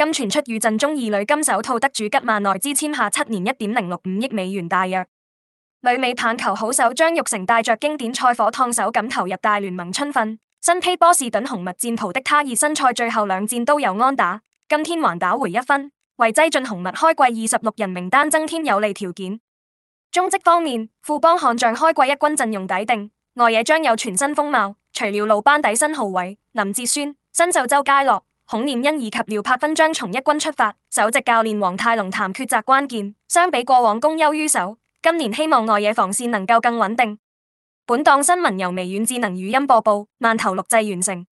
今傳出與陣中二壘金手套得主吉萬內茲簽下七年一點零六五億美元大約。旅美棒球好手張玉成帶着經典賽火燙手感投入大聯盟春訓，身披波士頓紅襪戰袍的他，熱身賽最後兩戰都有安打，今天還打回一分，為擠進紅襪開季二十六人名單增添有利條件。中職方面，富邦悍將開季一軍陣容底定，外野將有全新風貌，除了老班底新號位林志宣，新秀周佳樂。孔念恩以及廖柏芬將從一軍出發，首席教練王泰龍談抉擇關鍵。相比過往攻優於守，今年希望外野防線能夠更穩定。本檔新聞由微軟智能語音播報，慢頭錄製完成。